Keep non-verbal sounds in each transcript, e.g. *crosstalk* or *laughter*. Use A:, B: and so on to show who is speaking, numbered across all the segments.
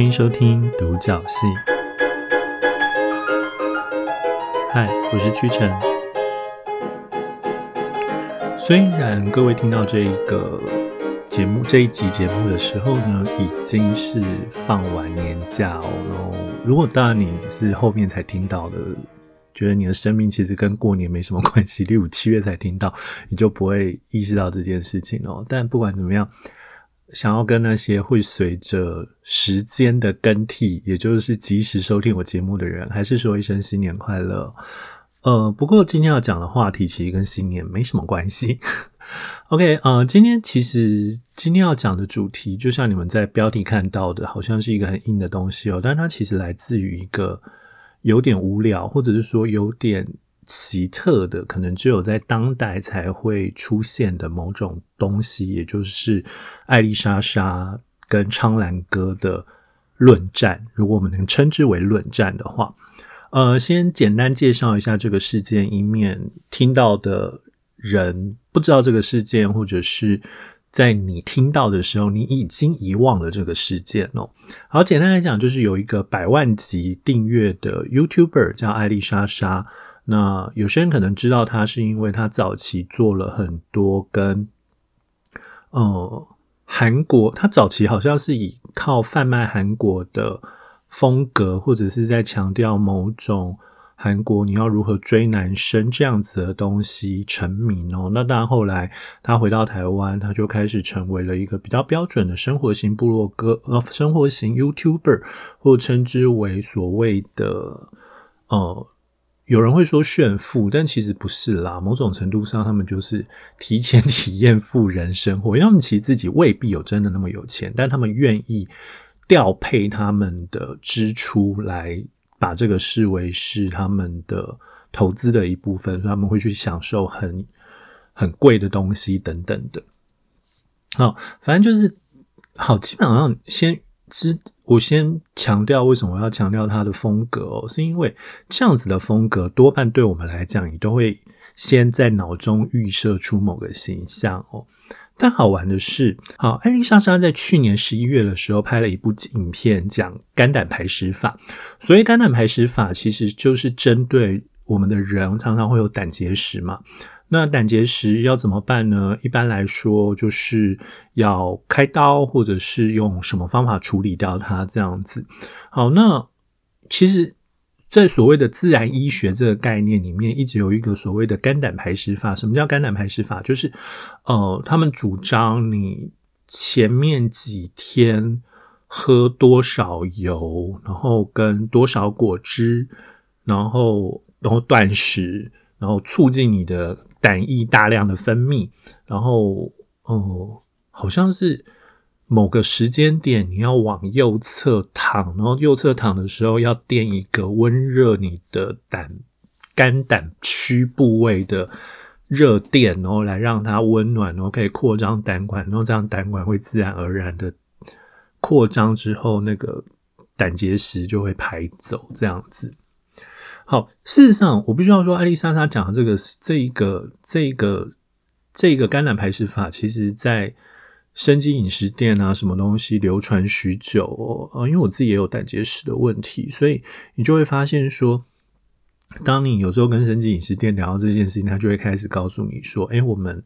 A: 歡迎收聽讀角戲。嗨，Hi, 我是屈臣。雖然各位聽到這一個節目這一集節目的時候呢，已經是放完年假哦。如果當然你是後面才聽到的，覺得你的生命其實跟過年沒什麼關係，六七月才聽到，你就不會意識到這件事情哦。但不管怎麼樣。想要跟那些會隨着時間的更替，也就是及時收聽我節目的人，還是說一聲新年快樂。呃，不過今天要講的話題其實跟新年沒什麼關係。 *laughs* OK，呃，今天其實今天要講的主題，就像你們在標題看到的，好像是一個很硬的東西哦，但是它其實來自於一個有點無聊，或者是說有點。奇特的，可能只有在當代才會出現的某種東西，也就是愛莉莎莎跟蒼藍鴿的論戰。如果我們能稱之為論戰的話，呃，先簡單介紹一下這個事件，以免聽到的人不知道這個事件，或者是在你聽到的時候你已經遺忘了這個事件哦。好，簡單來講，就是有一個百萬級訂閱的 YouTuber 叫愛莉莎莎。那有些人可能知道他是因為他早期做了很多跟，呃，韓國，他早期好像是以靠販賣韓國的風格，或者是在強調某種韓國你要如何追男生這樣子的東西成名哦、喔。那當然後來他回到台灣，他就開始成為了一個比較標準的生活型部落格呃，生活型 YouTuber，或稱之為所謂的呃。有人會說炫富，但其實不是啦。某種程度上，他們就是提前體驗富人生活。因為他們其實自己未必有真的那麼有錢，但他們願意調配他們的支出來把這個視為是他們的投資的一部分，所以他們會去享受很很貴的東西等等的。好，反正就是好，基本上先知。我先強調為什麼我要強調他的風格哦，是因為這樣子的風格多半對我們來講，你都會先在腦中預設出某個形象哦。但好玩的是，好，愛莉莎莎在去年十一月的時候拍了一部影片講肝膽排石法，所以肝膽排石法其實就是針對我們的人常常會有膽結石嘛。那膽結石要怎麼辦呢？一般來說，就是要開刀，或者是用什麼方法處理掉它這樣子。好，那其實，在所謂的自然醫學這個概念裡面，一直有一個所謂的肝膽排石法。什麼叫肝膽排石法？就是，呃，他們主張你前面幾天喝多少油，然後跟多少果汁，然後然後斷食，然後促進你的。膽液大量的分泌，然後，哦、嗯，好像是某個時間點，你要往右側躺，然後右側躺的時候要墊一個溫熱你的膽肝膽區部位的熱墊，然後來讓它溫暖，然後可以擴張膽管，然後這樣膽管會自然而然的擴張之後，那個膽結石就會排走，這樣子。好，事實上，我必須要說，愛莉莎莎講的這個、這一個、這一個、這一個肝膽排石法，其實在生機飲食店啊，什麼東西流傳許久哦、呃、因為我自己也有膽結石的問題，所以你就會發現說，當你有時候跟生機飲食店聊到這件事情，他就會開始告訴你說，誒、欸、我們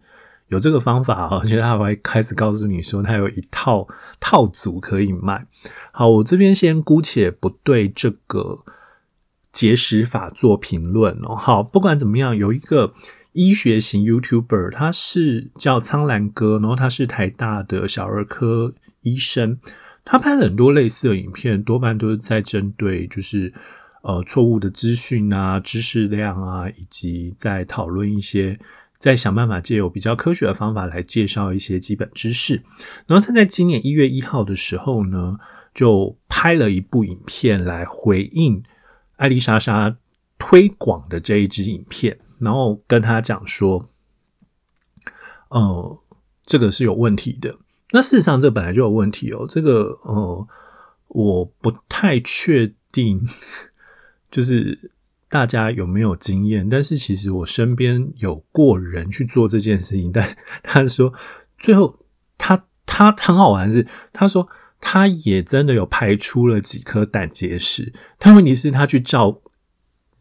A: 有這個方法、哦，其實他會開始告訴你說，他有一套套組可以賣。好，我這邊先姑且不對這個。節食法做評論哦，好，不管怎麼樣，有一個醫學型 YouTuber，他是叫蒼藍鴿，然後他是台大的小兒科醫生。他拍了很多類似的影片，多半都是在針對就是呃錯誤的資訊啊、知識量啊，以及在討論一些，在想辦法借由比較科學的方法來介紹一些基本知識。然後他在今年一月一號的時候呢，就拍了一部影片來回應。愛莉莎莎推廣的這一支影片，然後跟他講說：“呃，這個是有問題的。那事實上，這本來就有問題哦。這個，呃，我不太確定，就是大家有沒有經驗。但是，其實我身邊有過人去做這件事情，但他說最後他他很好玩的是，他說。”他也真的有排出了幾顆膽結石，但問題是，他去照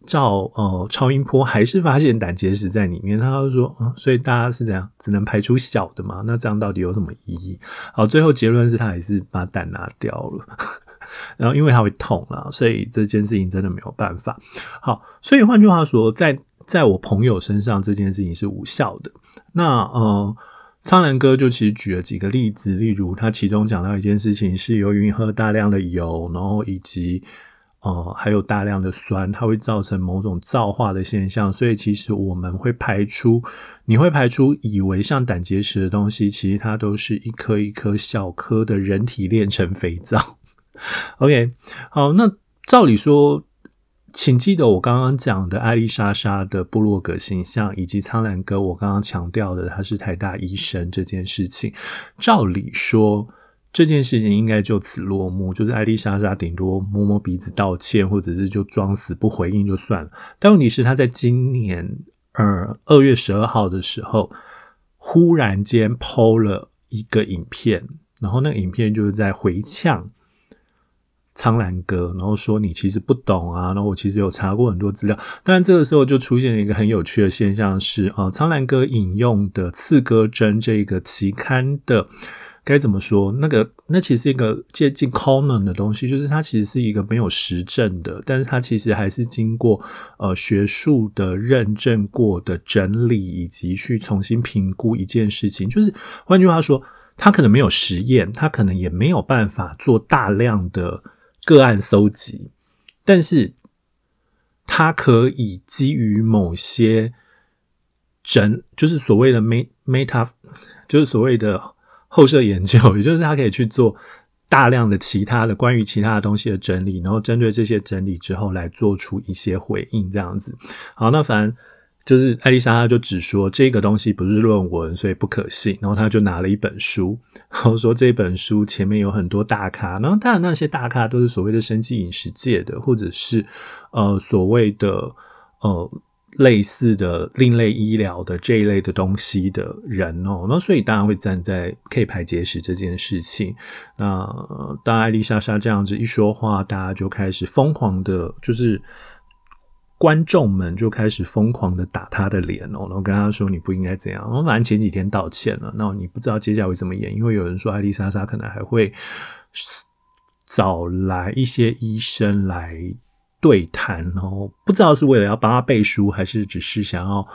A: 照呃超音波，還是發現膽結石在裡面。他就說，嗯，所以大家是這樣，只能排出小的嘛？那這樣到底有什麼意義？好，最後結論是他還是把膽拿掉了， *laughs* 然後因為他會痛啊，所以這件事情真的沒有辦法。好，所以換句話說，在在我朋友身上這件事情是無效的。那呃。蒼藍鴿就其實舉了幾個例子，例如他其中講到一件事情，是由於你喝大量的油，然後以及呃還有大量的酸，它會造成某種皂化的現象，所以其實我們會排出，你會排出以為像膽結石的東西，其實它都是一顆一顆小顆的人體煉成肥皂。 *laughs* OK，好，那照理說。請記得我剛剛講的愛莉莎莎的部落格形象，以及蒼藍鴿我剛剛強調的他是台大醫生這件事情。照理說，這件事情應該就此落幕，就是愛莉莎莎頂多摸摸鼻子道歉，或者是就裝死不回應就算了。但問題是，他在今年呃二月十二號的時候，忽然間 po 了一個影片，然後那個影片就是在回嗆。蒼藍鴿，然後說，你其實不懂啊，然後我其實有查過很多資料，但這個時候就出現了一個很有趣的現象是啊，蒼藍鴿引用的《刺胳針》這個期刊的該怎麼說？那個那其實是一個接近 Cochrane 的東西，就是它其實是一個沒有實證的，但是它其實還是經過呃學術的認證過的整理，以及去重新評估一件事情，就是換句話說，他可能沒有實驗，他可能也沒有辦法做大量的。個案搜集，但是它可以基於某些整，就是所謂的 meta meta，就是所謂的後設研究，也就是它可以去做大量的其他的關於其他的東西的整理，然後針對這些整理之後來做出一些回應，這樣子。好，那反正。就是愛莉莎莎就只說這個東西不是論文，所以不可信。然後她就拿了一本書，然後說這本書前面有很多大咖。然後當然那些大咖都是所謂的生機飲食界的，或者是呃所謂的呃類似的另類醫療的這一類的東西的人哦、喔。那所以大家會站在 K 排結石這件事情。那當愛莉莎莎這樣子一說話，大家就開始瘋狂的，就是。觀眾們就開始瘋狂的打他的臉哦，然後跟他說，你不應該怎樣。然後反正前幾天道歉了，然後你不知道接下來會怎麼演，因為有人說愛莉莎莎可能還會找來一些醫生來對談哦，不知道是為了要幫他背書，還是只是想要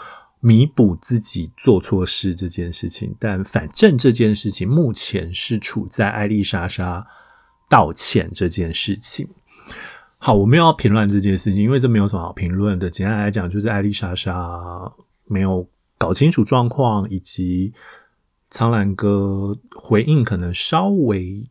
A: 彌補自己做錯事這件事情。但反正這件事情目前是處在愛莉莎莎道歉這件事情。好，我沒有要評論這件事情，因為這沒有什麼好評論的。簡單來講，就是愛莉莎莎沒有搞清楚狀況，以及蒼藍鴿回應可能稍微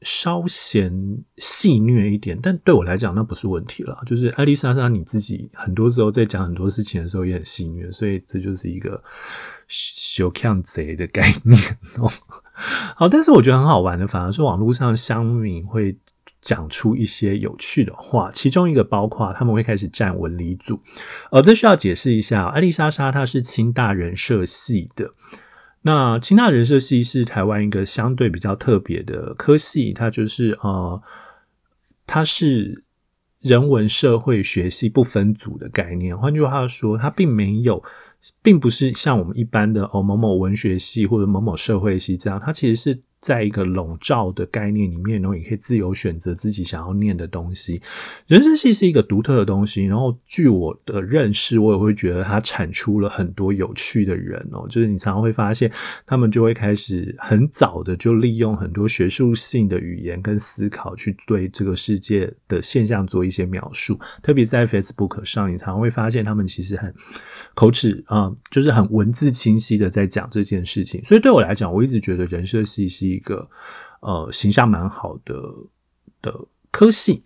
A: 稍嫌戲謔一點，但對我來講那不是問題了。就是愛莉莎莎你自己很多時候在講很多事情的時候也很戲謔，所以這就是一個小看賊的概念。喔。哦。好，但是我覺得很好玩的，反而是網絡上鄉民會。講出一些有趣的話，其中一個包括他們會開始戰文理組，呃，這需要解釋一下，愛莉莎莎她是清大人社系的，那清大人社系是台灣一個相對比較特別的科系，它就是呃，它是人文社會學系不分組的概念，換句話說，它並沒有，並不是像我們一般的哦、呃、某某文學系或者某某社會系這樣，它其實是。在一個籠罩的概念裡面，然後你可以自由選擇自己想要念的東西。人社系是一個獨特的東西，然後據我的認識，我也會覺得它產出了很多有趣的人哦、喔。就是你常常會發現，他們就會開始很早的就利用很多學術性的語言跟思考，去對這個世界的現象做一些描述。特別在 Facebook 上，你常常會發現他們其實很口齒啊，就是很文字清晰的在講這件事情。所以對我來講，我一直覺得人社系系。一個呃形象蠻好的的科系，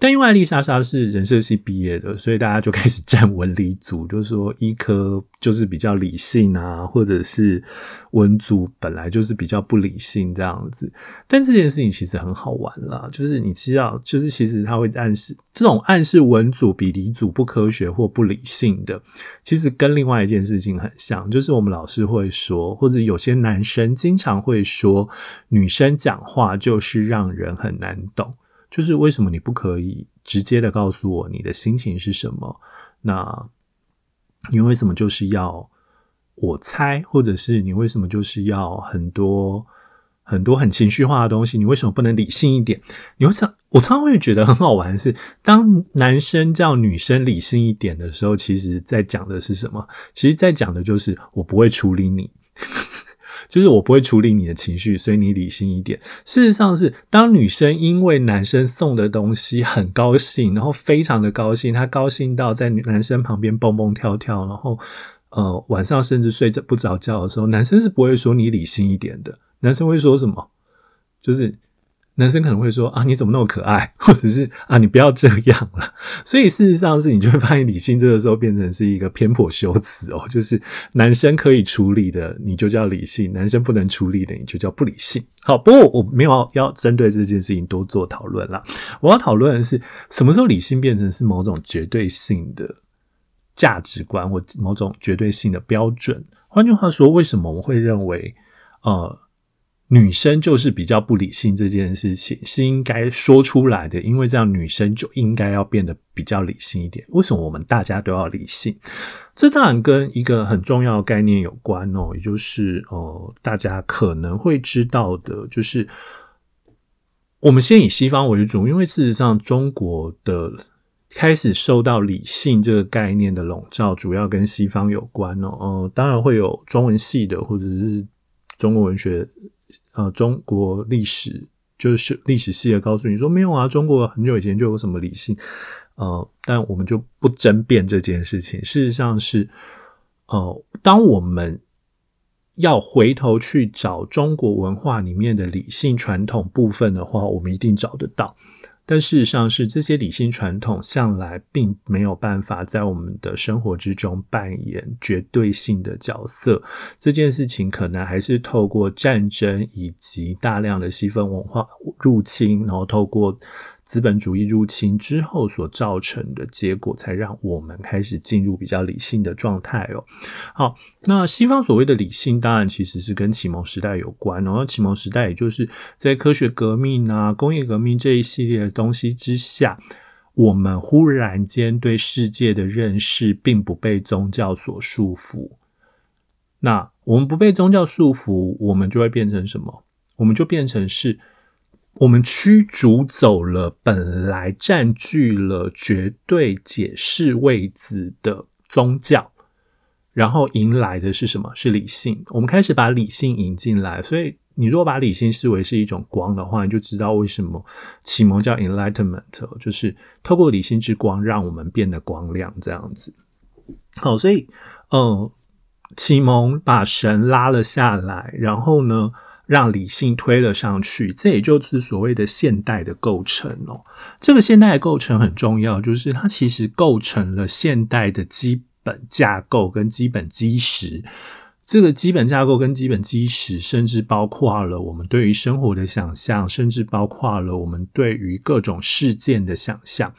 A: 但因為愛莉莎莎是人社系畢業的，所以大家就開始戰文理組，就是說醫科就是比較理性啊，或者是文組本來就是比較不理性這樣子。但這件事情其實很好玩啦，就是你知道，就是其實他會暗示這種暗示文組比理組不科學或不理性的，其實跟另外一件事情很像，就是我們老師會說，或者有些男生經常會說，女生講話就是讓人很難懂。就是為什麼你不可以直接的告訴我你的心情是什麼？那你為什麼就是要我猜，或者是你為什麼就是要很多很多很情緒化的東西？你為什麼不能理性一點？你會常，我常常會覺得很好玩的是，是當男生叫女生理性一點的時候，其實，在講的是什麼？其實，在講的就是我不會處理你。就是我不會處理你的情緒，所以你理性一點。事實上是，當女生因為男生送的東西很高興，然後非常的高興，她高興到在男生旁邊蹦蹦跳跳，然後呃晚上甚至睡着不着覺的時候，男生是不會說你理性一點的。男生會說什麼？就是。男生可能會說啊，你怎麼那麼可愛？或者是啊，你不要這樣了。所以事實上是，你就會發現，理性這個時候變成是一個偏頗修辭哦，就是男生可以處理的，你就叫理性；男生不能處理的，你就叫不理性。好，不過，我沒有要針對這件事情多做討論啦。我要討論的是，什麼時候理性變成是某種絕對性的價值觀或某種絕對性的標準？換句話說，為什麼我們會認為呃？女生就是比較不理性這件事情是應該說出來的，因為這樣女生就應該要變得比較理性一點。為什麼我們大家都要理性？這當然跟一個很重要的概念有關哦，也就是哦，大家可能會知道的，就是我們先以西方為主，因為事實上中國的開始受到理性這個概念的籠罩，主要跟西方有關哦。呃，當然會有中文系的或者是中國文學。呃，中國歷史就是歷史系的告，告訴你說沒有啊，中國很久以前就有什麼理性，呃，但我們就不爭辯這件事情。事實上是，呃，當我們要回頭去找中國文化裡面的理性傳統部分的話，我們一定找得到。但事實上是，這些理性傳統向來並沒有辦法在我們的生活之中扮演絕對性的角色。這件事情可能還是透過戰爭以及大量的西方文化入侵，然後透過。資本主義入侵之後所造成的結果，才讓我們開始進入比較理性的狀態哦。好，那西方所謂的理性，當然其實是跟啟蒙時代有關哦。然後啟蒙時代，也就是在科學革命啊、工業革命這一系列的東西之下，我們忽然間對世界的認識，並不被宗教所束縛。那我們不被宗教束縛，我們就會變成什麼？我們就變成是。我們驅逐走了本來佔據了絕對解釋位置的宗教，然後迎來的是什麼？是理性。我們開始把理性引進來。所以，你如果把理性視為是一種光的話，你就知道為什麼啟蒙叫 enlightenment，就是透過理性之光，讓我們變得光亮。這樣子。好，所以，嗯、呃，啟蒙把神拉了下來，然後呢？讓理性推了上去，這也就是所謂的現代的構成哦。這個現代的構成很重要，就是它其實構成了現代的基本架構跟基本基石。這個基本架構跟基本基石，甚至包括了我們對於生活的想象，甚至包括了我們對於各種事件的想象。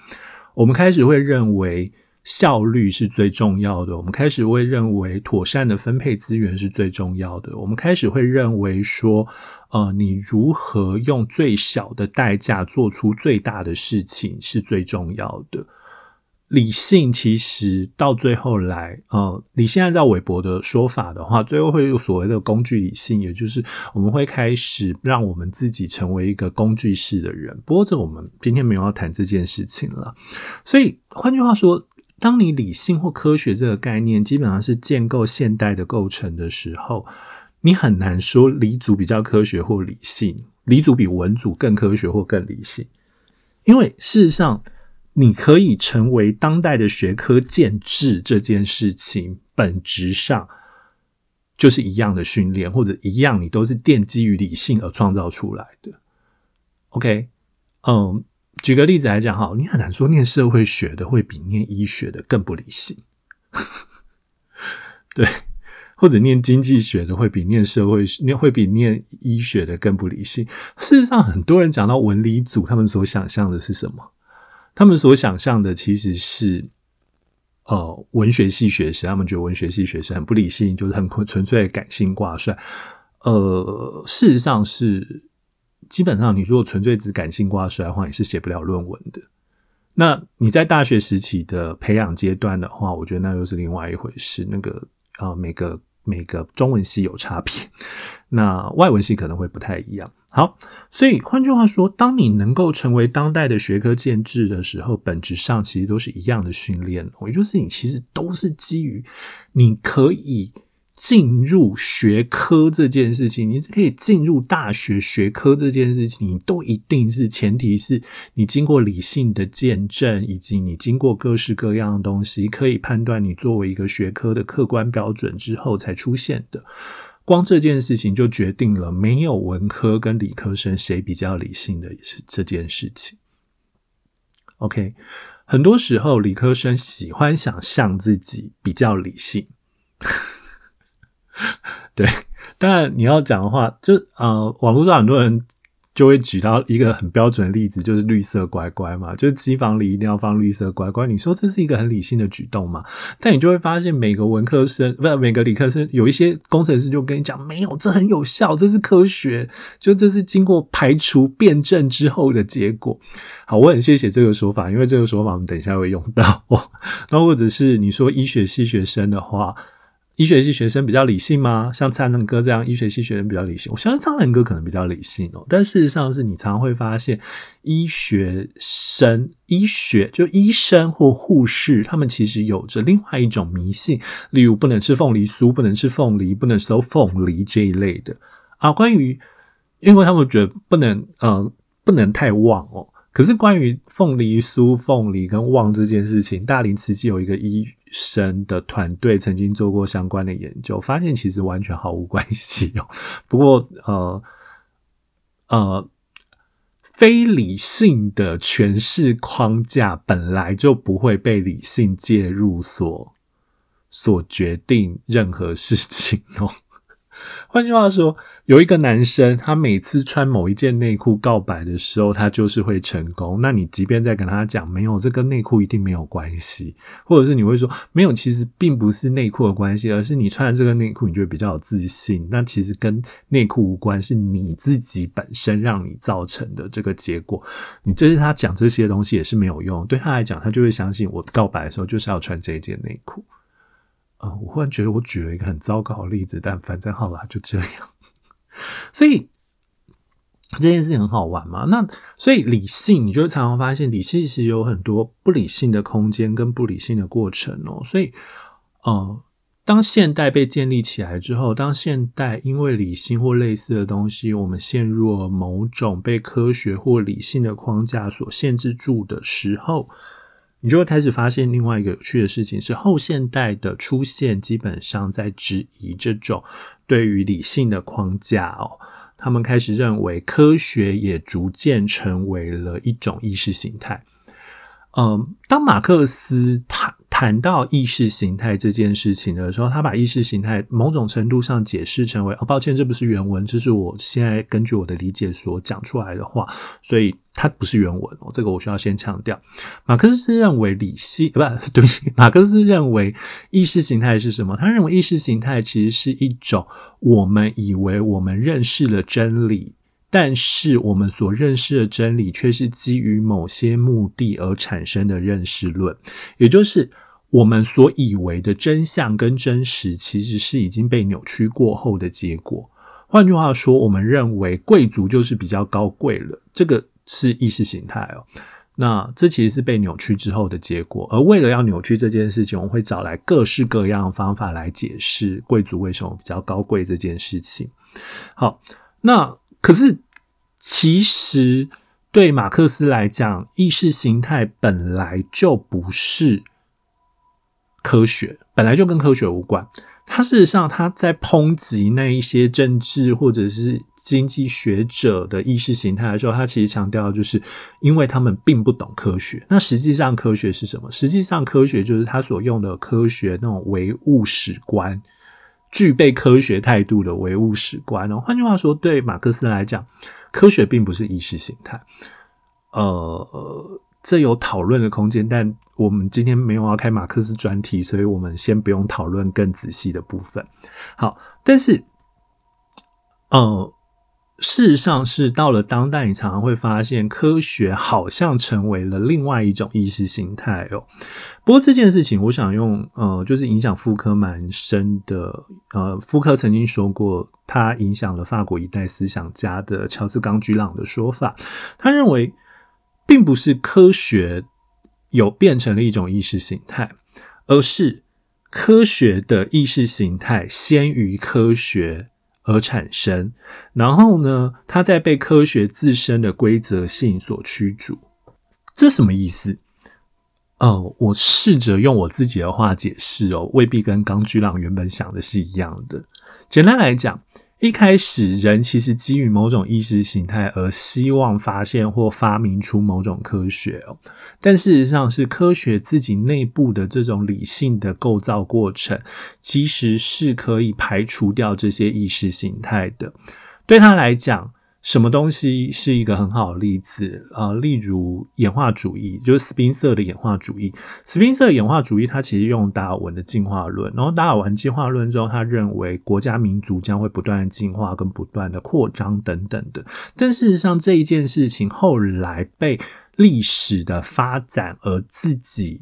A: 我們開始會認為，效率是最重要的。我們開始會認為，妥善的分配資源是最重要的。我們開始會認為說，呃，你如何用最小的代價做出最大的事情是最重要的。理性其實到最後來，呃，理性按照韋伯的說法的話，最後會有所謂的工具理性，也就是我們會開始讓我們自己成為一個工具式的人。不過，這我們今天沒有要談這件事情了。所以，換句話說。當你理性或科學這個概念基本上是建構現代的構成的時候，你很難說理組比較科學或理性，理組比文組更科學或更理性，因為事實上，你可以成為當代的學科建制這件事情本質上就是一樣的訓練，或者一樣，你都是奠基於理性而創造出來的。OK，嗯、um。舉個例子來講哈，你很難說念社會學的會比念醫學的更不理性， *laughs* 對，或者念經濟學的會比念社會學念會比念醫學的更不理性。事實上，很多人講到文理組，他們所想象的是什麼？他們所想象的其實是，呃，文學系學生，他們覺得文學系學生很不理性，就是很純粹感性掛帥。呃，事實上是。基本上，你如果純粹只感性掛帥的話，也是寫不了論文的。那你在大學時期的培養階段的話，我覺得那又是另外一回事。那個呃，每個每個中文系有差別，那外文系可能會不太一樣。好，所以換句話說，當你能夠成為當代的學科建制的時候，本質上其實都是一樣的訓練。也就是你其實都是基於你可以。進入學科這件事情，你是可以進入大學學科這件事情，你都一定是前提是你經過理性的見證，以及你經過各式各樣的東西可以判斷你作為一個學科的客觀標準之後才出現的。光這件事情就決定了沒有文科跟理科生誰比較理性的是這件事情。OK，很多時候理科生喜歡想象自己比較理性。對，當然你要講的話，就呃，網絡上很多人就會舉到一個很標準的例子，就是綠色乖乖嘛，就是機房裡一定要放綠色乖乖。你說這是一個很理性的舉動嘛，但你就會發現，每個文科生不是每個理科生，有一些工程師就跟你講，沒有，這很有效，這是科學，就這是經過排除辯證之後的結果。好，我很謝謝這個說法，因為這個說法我們等一下會用到喔。哦，那或者是你說醫學系學生的話。醫學系學生比較理性嗎？像蒼藍鴿這樣，醫學系學生比較理性。我相信蒼藍鴿可能比較理性哦、喔，但事實上是你常常會發現，醫學生、醫學就醫生或護士，他們其實有着另外一種迷信，例如不能吃鳳梨酥、不能吃鳳梨、不能收鳳梨這一類的啊。關於，因為他們覺得不能，嗯、呃，不能太旺哦、喔。可是關於鳳梨酥、鳳梨跟旺這件事情，大林慈濟有一個醫生的團隊曾經做過相關的研究，發現其實完全毫無關係喔。不過，呃，呃，非理性的詮釋框架本來就不會被理性介入所所決定任何事情哦。換句話說。有一個男生，他每次穿某一件內褲告白的時候，他就是會成功。那你即便在跟他講沒有，這跟內褲一定沒有關係，或者是你會說沒有，其實並不是內褲的關係，而是你穿的這個內褲，你就會比較有自信。那其實跟內褲無關，是你自己本身讓你造成的這個結果。你這是他講這些東西也是沒有用，對他來講，他就會相信我告白的時候就是要穿這一件內褲。啊、呃，我忽然覺得我舉了一個很糟糕的例子，但反正好啦，就這樣。所以這件事情很好玩嘛，那所以理性，你就常常發現理性其實有很多不理性的空間跟不理性的過程哦。所以，嗯、呃，當現代被建立起來之後，當現代因為理性或類似的東西，我們陷入了某種被科學或理性的框架所限制住的時候。你就會開始發現另外一個有趣的事情，是後現代的出現基本上在質疑這種對於理性的框架哦。他們開始認為科學也逐漸成為了一種意識形態。嗯，當馬克思他。談到意識形態這件事情的時候，他把意識形態某種程度上解釋成為，哦，抱歉，這不是原文，這是我現在根據我的理解所講出來的話，所以它不是原文哦，這個我需要先強調。馬克思認為理性，啊，不，對不起，馬克思認為意識形態是什麼？他認為意識形態其實是一種我們以為我們認識了真理，但是我們所認識的真理却是基於某些目的而產生的認識論，也就是。我們所以為的真相跟真實，其實是已經被扭曲過後的結果。換句話說，我們認為貴族就是比較高貴了，這個是意識形態哦。那這其實是被扭曲之後的結果。而為了要扭曲這件事情，我們會找來各式各樣的方法來解釋貴族為什麼比較高貴這件事情。好，那可是其實對馬克思來講，意識形態本來就不是。科學本來就跟科學無關。他事實上，他在抨擊那一些政治或者是經濟學者的意識形態的時候，他其實強調的就是，因為他們並不懂科學。那實際上，科學是什麼？實際上，科學就是他所用的科學那種唯物史觀，具備科學態度的唯物史觀。哦，換句話說，對馬克思來講，科學並不是意識形態。呃。這有討論的空間，但我們今天沒有要開馬克思專題，所以我們先不用討論更仔細的部分。好，但是，呃，事實上是到了當代，你常常會發現科學好像成為了另外一種意識形態哦。不過這件事情，我想用呃，就是影響傅柯蠻深的。呃，傅柯曾經說過，他影響了法國一代思想家的喬治·岡居朗的說法。他認為。並不是科學有變成了一種意識形態，而是科學的意識形態先於科學而產生，然後呢，它在被科學自身的規則性所驅逐。這什麼意思？呃，我試着用我自己的話解釋哦，未必跟剛居浪原本想的是一樣的。簡單來講。一開始，人其實基於某種意識形態而希望發現或發明出某種科學哦，但事實上是科學自己內部的這種理性的構造過程，其實是可以排除掉這些意識形態的。對他來講。什麼東西是一個很好的例子啊、呃？例如演化主義，就是斯賓塞的演化主義。斯賓塞演化主義，他其實用達爾文的進化論，然後達爾文進化論之後，他認為國家民族將會不斷的進化跟不斷的擴張等等的。但事實上，這一件事情後來被歷史的發展而自己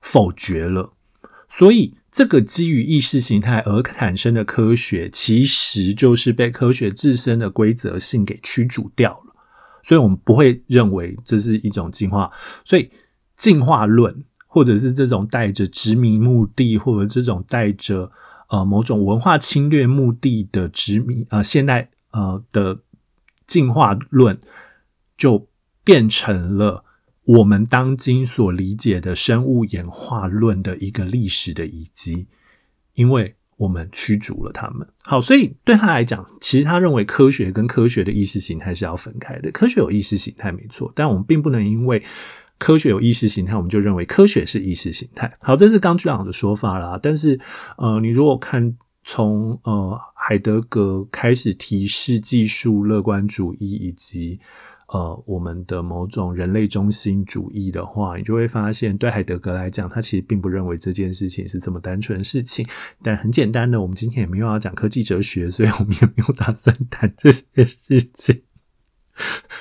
A: 否決了，所以。這個基於意識形態而產生的科學，其實就是被科學自身的規則性給驅逐掉了，所以我們不會認為這是一種進化。所以，進化論或者是這種帶着殖民目的，或者這種帶着呃某種文化侵略目的的殖民呃現代呃的進化論，就變成了。我們當今所理解的生物演化論的一個歷史的遺迹，因為我們驅逐了他們。好，所以對他來講，其實他認為科學跟科學的意識形態是要分開的。科學有意識形態沒錯，但我們並不能因為科學有意識形態，我們就認為科學是意識形態。好，這是剛居朗的說法啦。但是，呃，你如果看從呃海德格開始提示技術樂觀主義以及。呃，我們的某種人類中心主義的話，你就會發現，對海德格來講，他其實並不認為這件事情是這麼單純的事情。但很簡單的，我們今天也沒有要講科技哲學，所以我們也沒有打算談這些事情。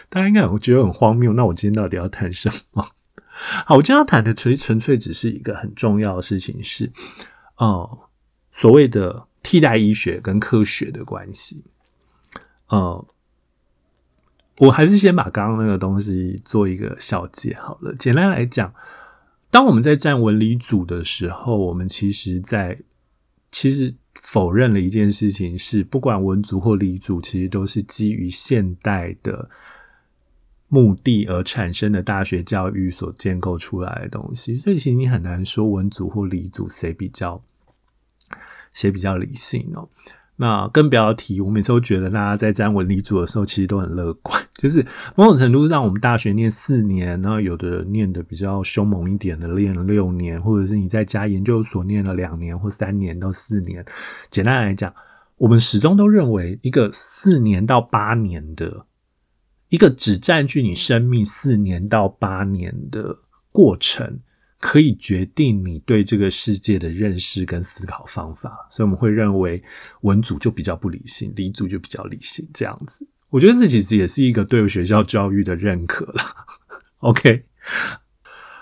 A: 大家應該我覺得很荒謬。那我今天到底要談什麼？好，我今天要談的純純粹只是一個很重要的事情，是哦、呃，所謂的替代醫學跟科學的關係，呃。我還是先把剛剛那個東西做一個小結好了。簡單來講，當我們在戰文理組的時候，我們其實在其實否認了一件事情是，不管文組或理組，其實都是基於現代的目的而產生的大學教育所建構出來的東西。所以，其實你很難說文組或理組誰比較誰比較理性哦。那更不要提，我每次都覺得大家在戰文理組的時候，其實都很樂觀。就是某種程度上，我們大學念四年，然後有的念的比較兇猛一點的，念了六年，或者是你在家研究所念了兩年或三年到四年。簡單來講，我們始終都認為一個四年到八年的，一個只佔據你生命四年到八年的過程。可以決定你對這個世界的認識跟思考方法，所以我們會認為文組就比較不理性，理組就比較理性這樣子。我覺得這其實也是一個對學校教育的認可了。OK，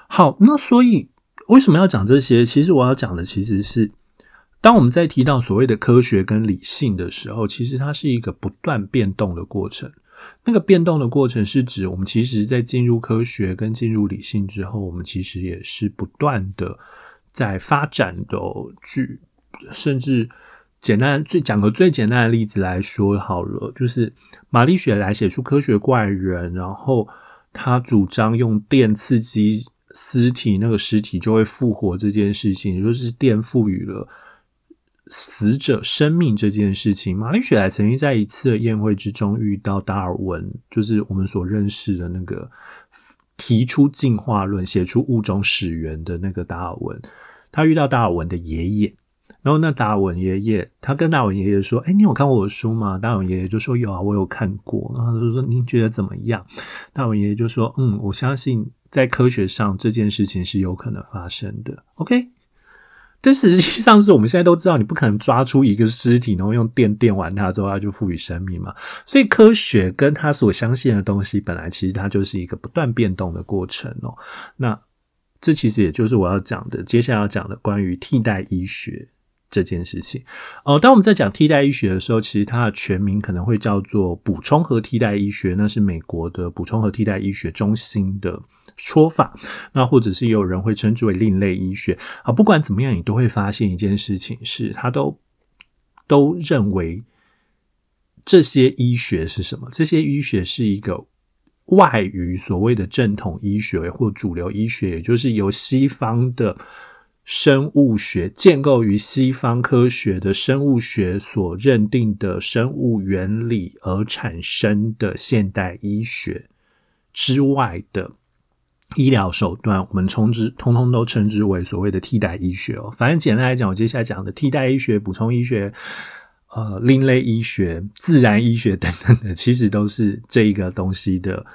A: 好，那所以為什麼要講這些？其實我要講的其實是，當我們在提到所謂的科學跟理性的時候，其實它是一個不斷變動的過程。那個變動的過程是指，我們其實在進入科學跟進入理性之後，我們其實也是不斷的在發展的、喔，去甚至簡單最講個最簡單的例子來說好了，就是瑪麗雪萊寫出《科學怪人》，然後他主張用電刺激屍體，那個屍體就會復活這件事情，就是電賦予了。死者生命這件事情，瑪麗雪萊曾經在一次宴會之中遇到達爾文，就是我們所認識的那個提出進化論、寫出物種始源的那個達爾文。他遇到達爾文的爺爺，然後那達爾文爺爺，他跟達爾文爺爺說：“哎、欸，你有看過我的書嗎？”達爾文爺爺就說：“有啊，我有看過。”然後他就說：“您覺得怎麼樣？”達爾文爺爺就說：“嗯，我相信在科學上這件事情是有可能發生的。”OK。但實際上是我們現在都知道，你不可能抓出一個屍體，然後用電電完它之後，它就賦予生命嘛。所以科學跟他所相信的東西，本來其實它就是一個不斷變動的過程哦。那這其實也就是我要講的，接下來要講的關於替代醫學這件事情。哦，當我們在講替代醫學的時候，其實它的全名可能會叫做補充和替代醫學，那是美國的補充和替代醫學中心的說法，那或者是有人會稱之為另類醫學啊。不管怎麼樣，你都會發現一件事情是，他都都認為這些醫學是什麼？這些醫學是一個外於所謂的正統醫學或主流醫學，也就是由西方的生物學建構於西方科學的生物學所認定的生物原理而產生的現代醫學之外的醫療手段，我們稱之通通都稱之為所謂的替代醫學哦。反正簡單來講，我接下來講的替代醫學、補充醫學、呃，另類醫學、自然醫學等等的，其實都是這一個東西的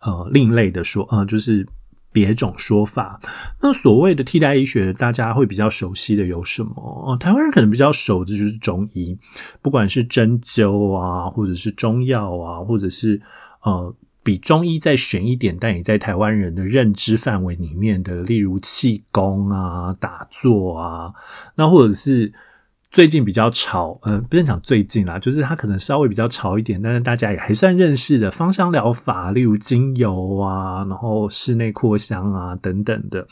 A: 呃另類的說呃就是別種說法。那所謂的替代醫學，大家會比較熟悉的有什麼？呃，台灣人可能比較熟的就是中醫，不管是針灸啊，或者是中藥啊，或者是呃。比中醫再玄一點，但也在台灣人的認知範圍裡面的，例如氣功啊、打坐啊，那或者是最近比較潮，嗯、呃，不能講最近啦，就是它可能稍微比較潮一點，但是大家也還算認識的芳香療法，例如精油啊，然後室內擴香啊等等的。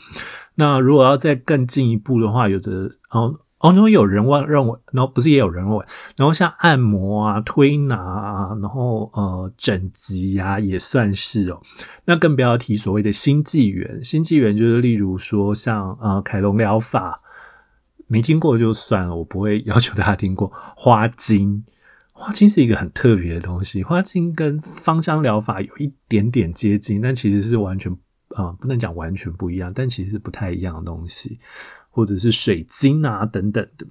A: 那如果要再更進一步的話，有的，然、哦哦，因為、oh, no, 有人問認為，然、no, 後不是也有人認為，然、no, 後像按摩啊、推拿啊，然後呃整脊呀、啊，也算是哦、喔。那更不要提所謂的新紀元。新紀元就是例如說像，像呃凱龍療法，沒聽過就算了，我不會要求大家聽過。花精，花精是一個很特別的東西。花精跟芳香療法有一點點接近，但其實是完全啊、呃、不能講完全不一樣，但其實是不太一樣的東西。或者是水晶啊等等的，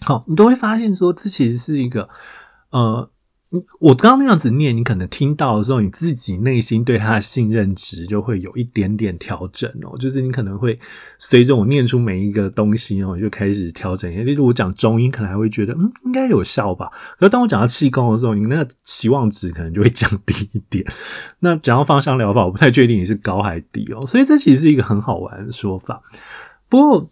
A: 好，你都會發現說，這其實是一個，呃，我剛剛那樣子念，你可能聽到的時候，你自己內心對它的信任值就會有一點點調整哦。就是你可能會隨着我念出每一個東西哦，就開始調整。例如我講中醫，可能還會覺得嗯應該有效吧。可是當我講到氣功的時候，你那個期望值可能就會降低一點。那講到芳香療法，我不太確定你是高還低哦。所以這其實是一個很好玩的說法。不過，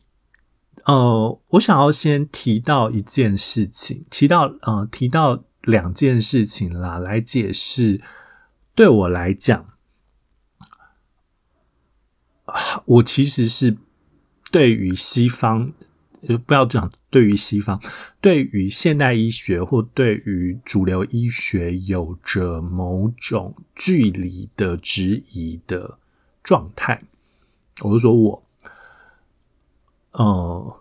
A: 呃，我想要先提到一件事情，提到呃，提到兩件事情啦，來解釋對我來講，我其實是對於西方，呃，不要講對於西方，對於現代醫學或對於主流醫學有着某種距離的質疑的狀態，我就說我。哦、呃，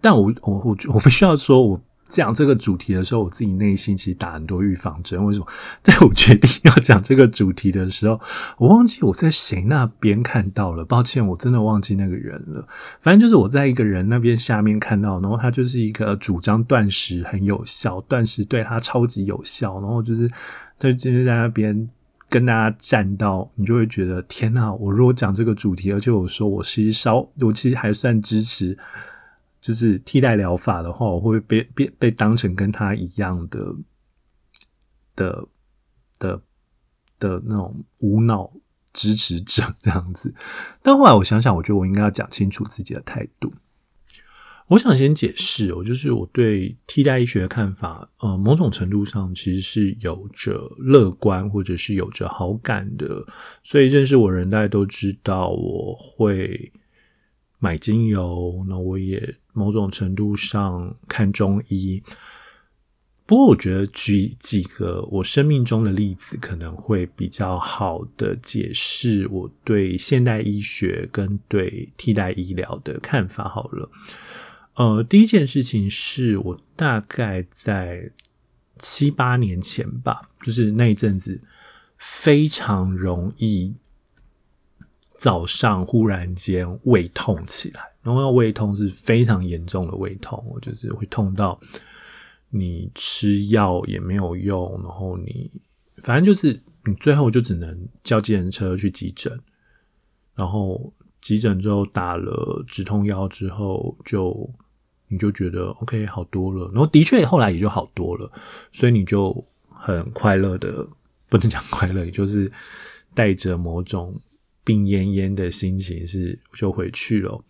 A: 但我我我我必須要說，我講這個主題的時候，我自己內心其實打很多預防針。為什麼？在我決定要講這個主題的時候，我忘記我在誰那邊看到了，抱歉，我真的忘記那個人了。反正就是我在一個人那邊下面看到，然後他就是一個主張斷食很有效，斷食對他超級有效，然後就是他就直接在那邊。跟大家站到，你就會覺得天哪！我如果講這個主題，而且我說我是一稍，我其實還算支持，就是替代療法的話，我會被被被當成跟他一樣的的的的那種無腦支持者這樣子。但後來我想想，我覺得我應該要講清楚自己的態度。我想先解釋我、哦，就是我對替代醫學的看法，呃，某種程度上其實是有着樂觀或者是有着好感的。所以認識我人大家都知道，我會買精油，那我也某種程度上看中醫。不過我覺得舉幾、幾個我生命中的例子，可能會比較好的解釋我對現代醫學跟對替代醫療的看法好了。呃，第一件事情是我大概在七八年前吧，就是那一陣子非常容易早上忽然間胃痛起來，然後胃痛是非常嚴重的胃痛，我就是會痛到你吃藥也沒有用，然後你反正就是你最後就只能叫計程車去急診，然後急診之後打了止痛藥之後就。你就覺得 OK 好多了，然後的確後來也就好多了，所以你就很快樂的，不能講快樂，也就是帶着某種病懨懨的心情是就回去了。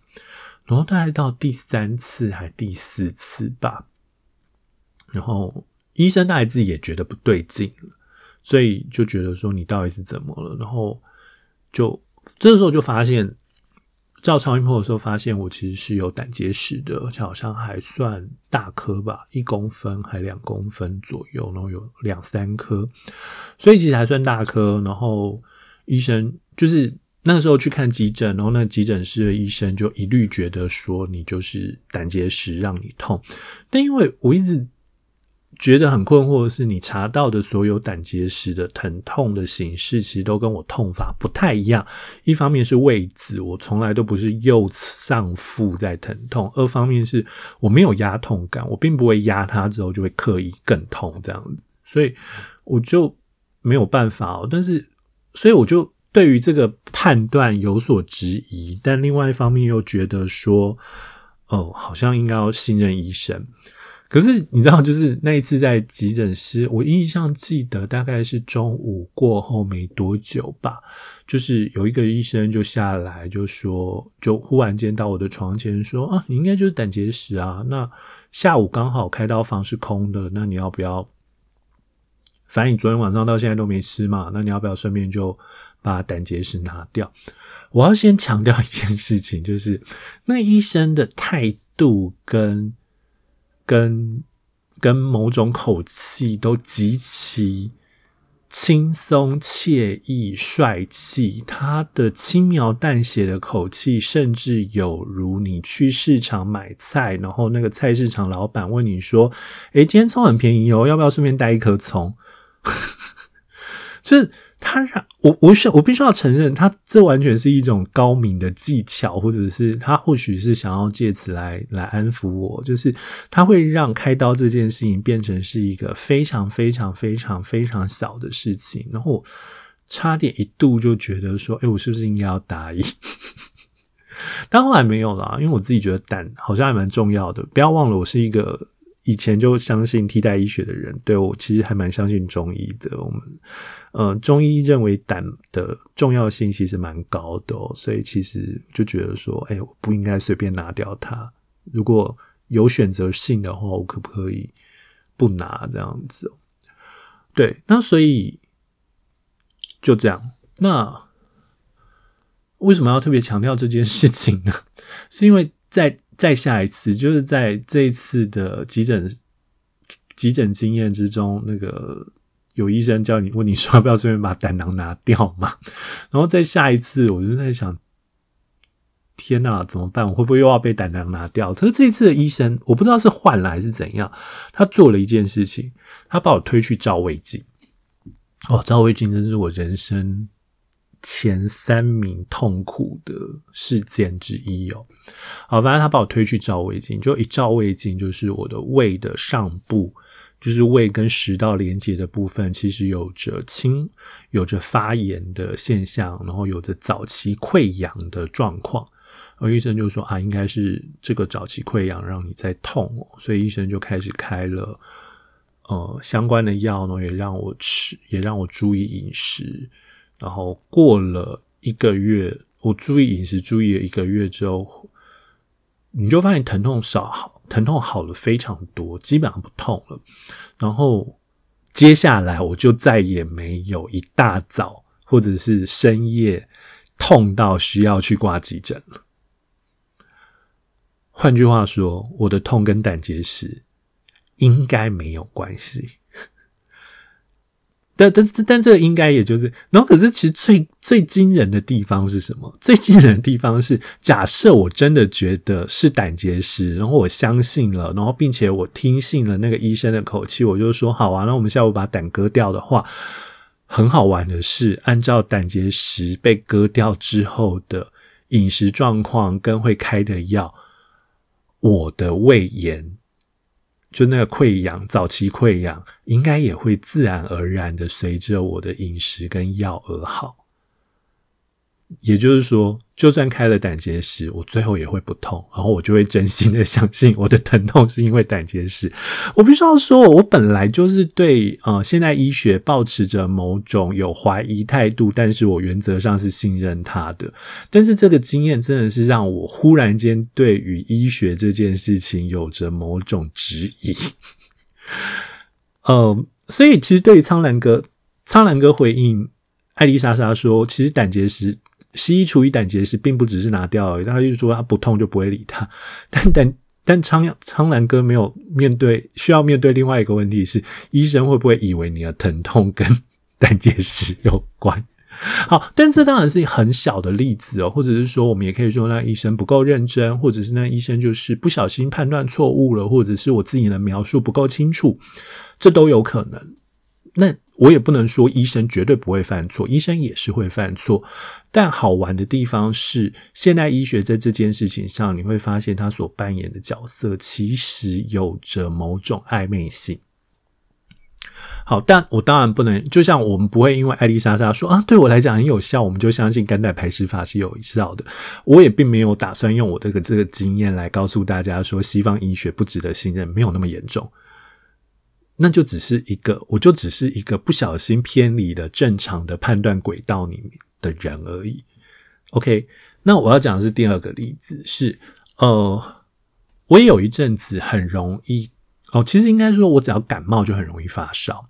A: 然後大概到第三次還是第四次吧，然後醫生大概自己也覺得不對勁了，所以就覺得說你到底是怎麼了，然後就這個時候就發現。照超音波的時候，發現我其實是有膽結石的，而且好像還算大顆吧，一公分還兩公分左右，然後有兩三顆，所以其實還算大顆。然後醫生就是那個時候去看急診，然後那個急診室的醫生就一律覺得說你就是膽結石讓你痛，但因為我一直。覺得很困惑的是，你查到的所有膽結石的疼痛的形式，其實都跟我痛法不太一樣。一方面是位置，我從來都不是右上腹在疼痛；二方面是我沒有壓痛感，我並不會壓它之後就會刻意更痛這樣子。所以我就沒有辦法哦。但是，所以我就對於這個判斷有所質疑。但另外一方面又覺得說，哦，好像應該要信任醫生。可是你知道，就是那一次在急診室，我印象記得大概是中午過後沒多久吧，就是有一個醫生就下來，就說，就忽然間到我的床前說：“啊，你應該就是膽結石啊。那下午剛好開刀房是空的，那你要不要？反正你昨天晚上到現在都沒吃嘛，那你要不要順便就把膽結石拿掉？”我要先強調一件事情，就是那醫生的態度跟。跟跟某種口氣都極其輕鬆愜意、帥氣，他的輕描淡寫的口氣，甚至有如你去市場買菜，然後那個菜市場老闆問你說：“誒、欸，今天蔥很便宜哦，要不要順便帶一顆蔥？” *laughs* 就是。他讓我，我需我必須要承認，他這完全是一種高明的技巧，或者是他或許是想要借此來來安撫我，就是他會讓開刀這件事情變成是一個非常非常非常非常小的事情。然後我差點一度就覺得說，哎、欸，我是不是應該要答應？ *laughs* 但後來沒有啦，因為我自己覺得膽好像還蠻重要的。不要忘了，我是一個以前就相信替代醫學的人，對，我其實還蠻相信中醫的。我們。嗯、呃，中醫認為膽的重要性其實蠻高的，哦，所以其實就覺得說，哎、欸，我不應該隨便拿掉它。如果有選擇性的話，我可不可以不拿這樣子？對，那所以就這樣。那為什麼要特別強調這件事情呢？是因為在在下一次，就是在這一次的急診急診經驗之中，那個。有醫生叫你問你說要不要順便把膽囊拿掉嘛？然後再下一次我就在想，天哪，怎麼辦？我會不會又要被膽囊拿掉？可是這一次的醫生我不知道是換了還是怎樣，他做了一件事情，他把我推去照胃鏡。哦，照胃鏡真是我人生前三名痛苦的事件之一哦。好，反正他把我推去照胃鏡，就一照胃鏡就是我的胃的上部。就是胃跟食道連接的部分，其實有着輕有着發炎的現象，然後有着早期潰瘍的狀況。然後醫生就說啊，應該是這個早期潰瘍讓你在痛喔，所以醫生就開始開了呃相關的藥呢，也讓我吃，也讓我注意飲食。然後過了一個月，我注意飲食，注意了一個月之後，你就發現疼痛少。好。疼痛好了非常多，基本上不痛了。然後接下來我就再也沒有一大早或者是深夜痛到需要去掛急診了。換句話說，我的痛跟膽結石應該沒有關係。但但但這個應該也就是，然後可是其實最最驚人的地方是什麼？最驚人的地方是，假設我真的覺得是膽結石，然後我相信了，然後並且我聽信了那個醫生的口氣，我就說好啊，那我們下午把膽割掉的話，很好玩的是，按照膽結石被割掉之後的飲食狀況跟會開的藥，我的胃炎。就那個潰瘍，早期潰瘍應該也會自然而然的隨着我的飲食跟藥而好。也就是說，就算開了膽結石，我最後也會不痛，然後我就會真心的相信我的疼痛是因為膽結石。我必須要說，我本來就是對呃現代醫學抱持着某種有懷疑態度，但是我原則上是信任他的。但是這個經驗真的是讓我忽然間對於醫學這件事情有着某種質疑。嗯、 *laughs* 呃，所以其實對於蒼藍鴿，蒼藍鴿回應愛莉莎莎說，其實膽結石。西醫處理膽結石，並不只是拿掉而已。他就是說，他不痛就不會理他。但但但蒼蒼藍鴿沒有面對，需要面對另外一個問題是，醫生會不會以為你的疼痛跟膽結石有關？好，但這當然是很小的例子喔。或者是說，我們也可以說，那醫生不夠認真，或者是那醫生就是不小心判斷錯誤了，或者是我自己的描述不夠清楚，這都有可能。那我也不能說醫生絕對不會犯錯，醫生也是會犯錯。但好玩的地方是，現代醫學在這件事情上，你會發現他所扮演的角色其實有着某種曖昧性。好，但我當然不能，就像我們不會因為愛莉莎莎說啊，對我來講很有效，我們就相信肝膽排石法是有效的。我也並沒有打算用我這個這個經驗來告訴大家說西方醫學不值得信任，沒有那麼嚴重。那就只是一個，我就只是一個不小心偏離了正常的判斷軌道裡面的人而已。OK，那我要講的是第二個例子，是呃，我也有一陣子很容易哦，其實應該說我只要感冒就很容易發燒。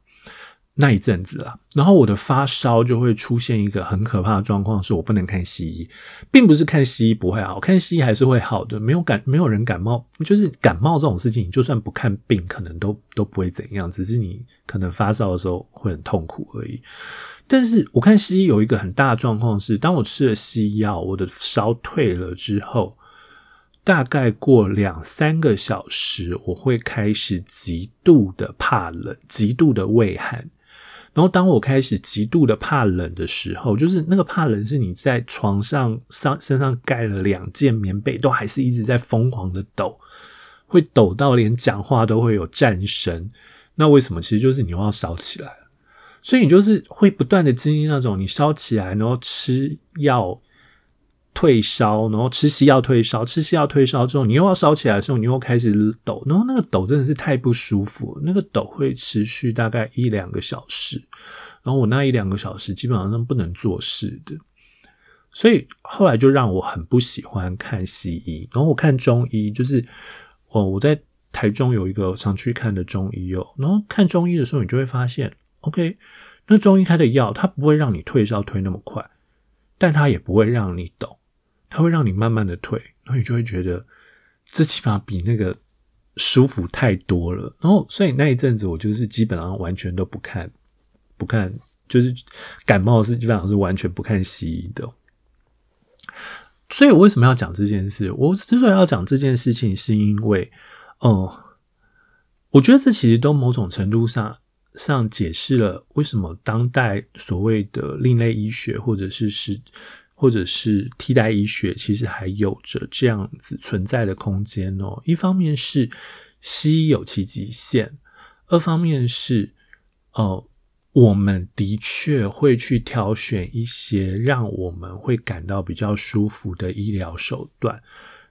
A: 那一陣子啊，然後我的發燒就會出現一個很可怕的狀況，是我不能看西醫，並不是看西醫不會好，看西醫還是會好的。沒有感，沒有人感冒，就是感冒這種事情，你就算不看病，可能都都不會怎樣，只是你可能發燒的時候會很痛苦而已。但是我看西醫有一個很大的狀況是，當我吃了西藥，我的燒退了之後，大概過兩三個小時，我會開始極度的怕冷，極度的畏寒。然後，當我開始極度的怕冷的時候，就是那個怕冷，是你在床上上身上蓋了兩件棉被，都還是一直在瘋狂的抖，會抖到連講話都會有顫聲。那為什麼？其實就是你又要燒起來了，所以你就是會不斷的經歷那種，你燒起來，然後吃藥，退燒，然後吃西藥退燒，吃西藥退燒之後，你又要燒起來的時候，你又開始抖，然後那個抖真的是太不舒服，那個抖會持續大概一兩個小時，然後我那一兩個小時基本上不能做事的，所以後來就讓我很不喜歡看西醫，然後我看中醫，就是哦，我在台中有一個常去看的中醫哦，然後看中醫的時候，你就會發現，OK，那中醫開的藥，它不會讓你退燒退那麼快，但它也不會讓你抖。它會讓你慢慢的退，然後你就會覺得，這起碼比那個舒服太多了。然後，所以那一陣子我就是基本上完全都不看，不看，就是感冒是基本上是完全不看西醫的。所以，我為什麼要講這件事？我之所以要講這件事情，是因為，嗯、呃，我覺得這其實都某種程度上上解釋了為什麼當代所謂的另類醫學或者是是。或者是替代醫學，其實還有着這樣子存在的空間哦。一方面是西醫有其極限，二方面是，呃，我們的確會去挑選一些讓我們會感到比較舒服的醫療手段。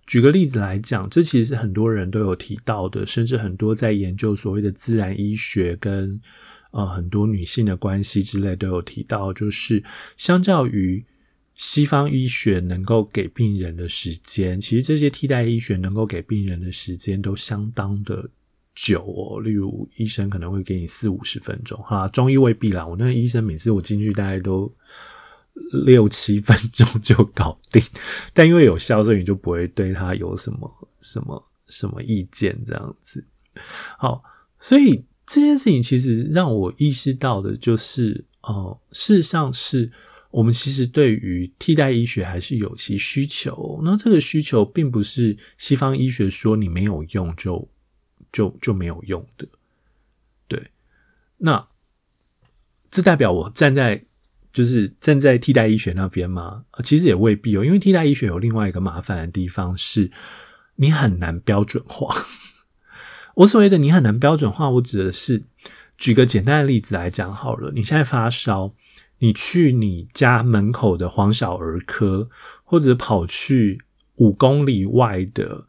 A: 舉個例子來講，這其實是很多人都有提到的，甚至很多在研究所謂的自然醫學跟呃很多女性的關係之類都有提到，就是相較於。西方醫學能夠給病人的時間，其實這些替代醫學能夠給病人的時間都相當的久哦。例如，醫生可能會給你四五十分鐘，好啦，中醫未必啦。我那個醫生每次我進去，大概都六七分鐘就搞定。但因為有效，所以你就不會對他有什麼什麼什麼意見這樣子。好，所以這件事情其實讓我意識到的就是，哦、呃，事實上是。我們其實對於替代醫學還是有其需求哦，那這個需求並不是西方醫學說你沒有用就就就沒有用的，對。那這代表我站在就是站在替代醫學那邊嗎？呃，其實也未必哦，因為替代醫學有另外一個麻煩的地方是，你很難標準化。 *laughs* 我所謂的你很難標準化，我指的是舉個簡單的例子來講好了，你現在發燒。你去你家門口的黃小兒科，或者跑去五公里外的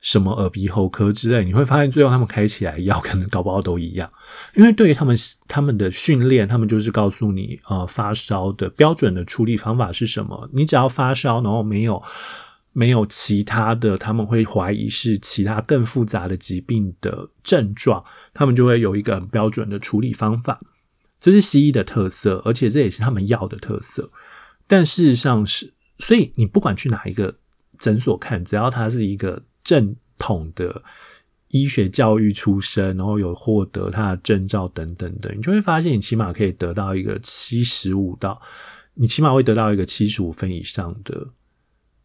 A: 什麼耳鼻喉科之類，你會發現最後他們開起來藥可能搞不好都一樣。因為對於他們，他們的訓練，他們就是告訴你，呃，發燒的標準的處理方法是什麼。你只要發燒，然後沒有沒有其他的，他們會懷疑是其他更複雜的疾病的症狀，他們就會有一個很標準的處理方法。這是西醫的特色，而且這也是他們藥的特色。但事實上是，所以你不管去哪一個診所看，只要他是一個正統的醫學教育出身，然後有獲得他的證照等等的，你就會發現，你起碼可以得到一個七十五到，你起碼會得到一個七十五分以上的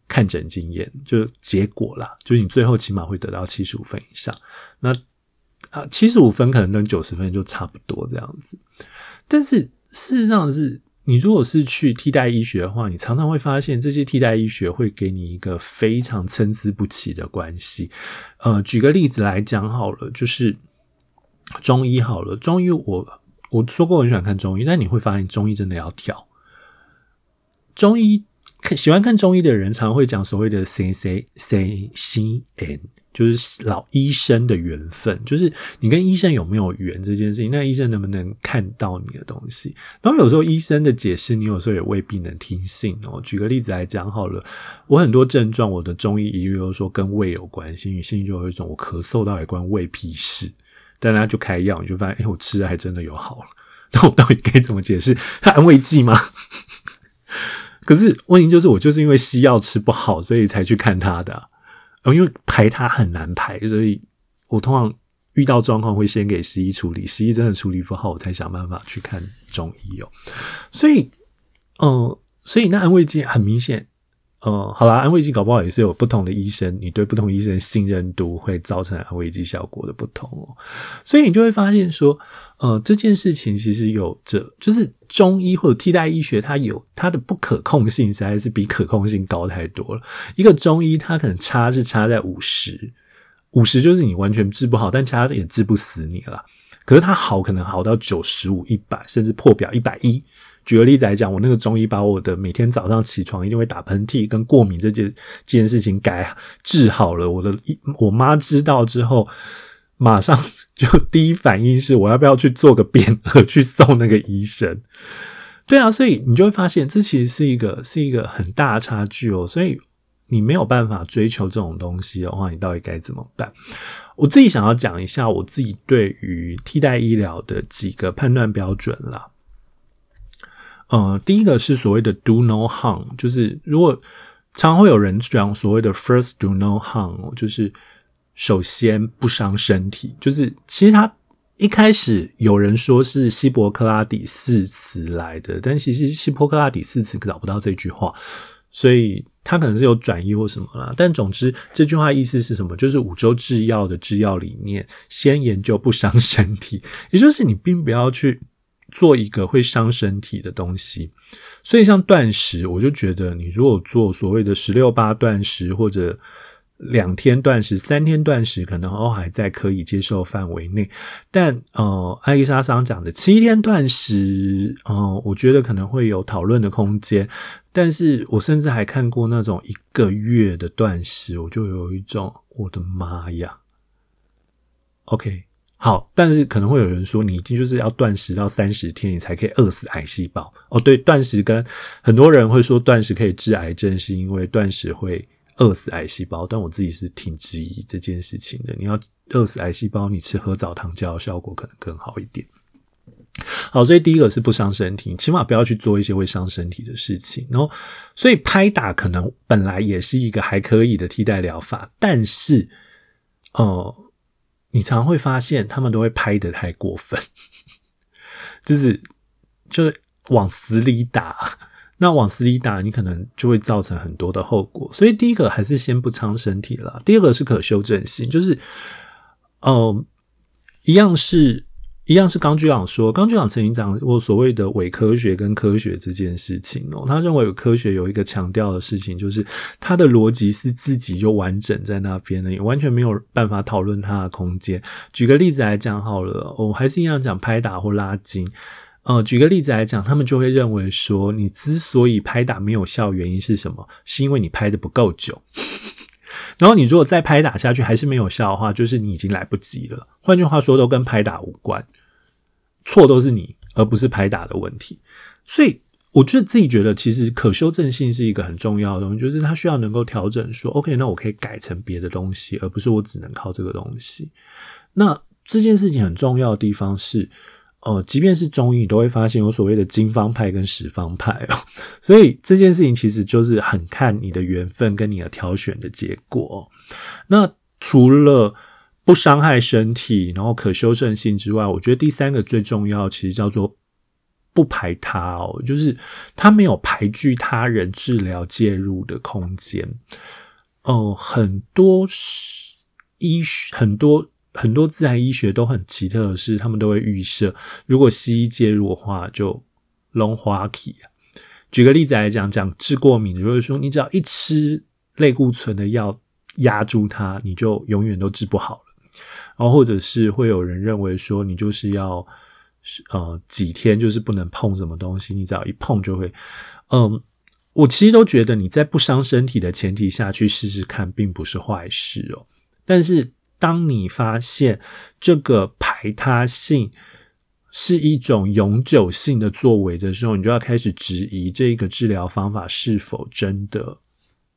A: 看診經驗，就結果啦，就是你最後起碼會得到七十五分以上。那啊，七十五分可能跟九十分就差不多這樣子，但是事實上是，你如果是去替代醫學的話，你常常會發現這些替代醫學會給你一個非常參差不齊的關係。呃，舉個例子來講好了，就是中醫好了，中醫我我說過我很喜歡看中醫，但你會發現中醫真的要挑中醫。看喜歡看中醫的人，常常會講所謂的 C C C C N，就是老醫生的緣分，就是你跟醫生有沒有緣這件事情。那醫生能不能看到你的東西？然後有時候醫生的解釋，你有時候也未必能聽信哦、喔。舉個例子來講好了，我很多症狀，我的中醫一律說跟胃有關係，心裡就有一種我咳嗽到底關胃屁事，但他就開藥，你就發現哎、欸，我吃的還真的有好了。那我到底該怎麼解釋？他安慰劑嗎？可是問題就是我就是因為西藥吃不好，所以才去看他的、啊。因為排他很難排，所以我通常遇到狀況會先給西醫處理，西醫真的處理不好，我才想辦法去看中醫哦、喔。所以，嗯、呃，所以那安慰劑很明顯，嗯、呃，好啦，安慰劑搞不好也是有不同的醫生，你對不同醫生的信任度會造成安慰劑效果的不同哦、喔。所以你就會發現說。呃，這件事情其實有着，就是中醫或者替代醫學，它有它的不可控性，實在是比可控性高太多了。一個中醫，它可能差是差在五十，五十就是你完全治不好，但其他也治不死你了。可是它好，可能好到九十五、一百，甚至破表一百一。舉個例子來講，我那個中醫把我的每天早上起床一定會打噴嚏跟過敏這件這件事情改治好了，我的，我媽知道之後，馬上就第一反應是，我要不要去做個匾額，去送那個醫生？對啊，所以你就會發現，這其實是一個是一個很大差距哦、喔。所以你沒有辦法追求這種東西的話，你到底該怎麼辦？我自己想要講一下我自己對於替代醫療的幾個判斷標準啦。嗯、呃，第一個是所謂的 do no harm，就是如果常會有人講所謂的 first do no harm，就是。首先不傷身體，就是其實他一開始有人說是希波克拉底誓詞來的，但其實希波克拉底誓詞可找不到這句話，所以他可能是有轉移或什麼啦。但總之這句話意思是什麼？就是五洲製藥的製藥理念，先研究不傷身體，也就是你並不要去做一個會傷身體的東西。所以像斷食，我就覺得你如果做所謂的十六八斷食或者。兩天斷食、三天斷食，可能哦還在可以接受範圍內。但呃，愛莉莎莎講的七天斷食，呃，我覺得可能會有討論的空間。但是我甚至還看過那種一個月的斷食，我就有一種我的媽呀。OK，好，但是可能會有人說，你一定就是要斷食到三十天，你才可以餓死癌細胞。哦，對，斷食跟很多人會說斷食可以治癌症，是因為斷食會，餓死癌細胞，但我自己是挺質疑這件事情的。你要餓死癌細胞，你吃喝澡糖膠效果可能更好一點。好，所以第一個是不傷身體，起碼不要去做一些會傷身體的事情。然後，所以拍打可能本來也是一個還可以的替代療法，但是，呃，你常會發現他們都會拍得太過分， *laughs* 就是就是往死裡打。那往死裡打，你可能就會造成很多的後果。所以第一個還是先不傷身體了。第二個是可修正性，就是，呃，一樣是一樣是剛居長說，剛居長曾經講過所謂的偽科學跟科學這件事情哦、喔，他認為科學有一個強調的事情，就是他的邏輯是自己就完整在那邊的，也完全沒有辦法討論他的空間。舉個例子來講好了，我還是一樣講拍打或拉筋。呃，舉個例子來講，他們就會認為說，你之所以拍打沒有效，原因是什麼？是因為你拍得不夠久。 *laughs* 然後你如果再拍打下去還是沒有效的話，就是你已經來不及了。換句話說，都跟拍打無關，錯都是你，而不是拍打的問題。所以，我就自己覺得，其實可修正性是一個很重要的東西，就是它需要能夠調整說，OK，那我可以改成別的東西，而不是我只能靠這個東西。那這件事情很重要的地方是。哦、呃，即便是中醫，你都會發現有所謂的經方派跟時方派哦。所以這件事情其實就是很看你的緣分跟你的挑選的結果。那除了不傷害身體，然後可修正性之外，我覺得第三個最重要，其實叫做不排他哦，就是他沒有排拒他人治療介入的空間。哦、呃，很多醫學，很多。很多自然醫學都很奇特的是，他們都會預設，如果西醫介入的話，就攏歹去啊。舉個例子來講，講治過敏，就是說你只要一吃類固醇的藥壓住它，你就永遠都治不好了。然後或者是會有人認為說，你就是要呃幾天就是不能碰什麼東西，你只要一碰就會。嗯，我其實都覺得你在不傷身體的前提下去試試看，並不是壞事哦。但是。當你發現這個排他性是一種永久性的作為的時候，你就要開始質疑這個治療方法是否真的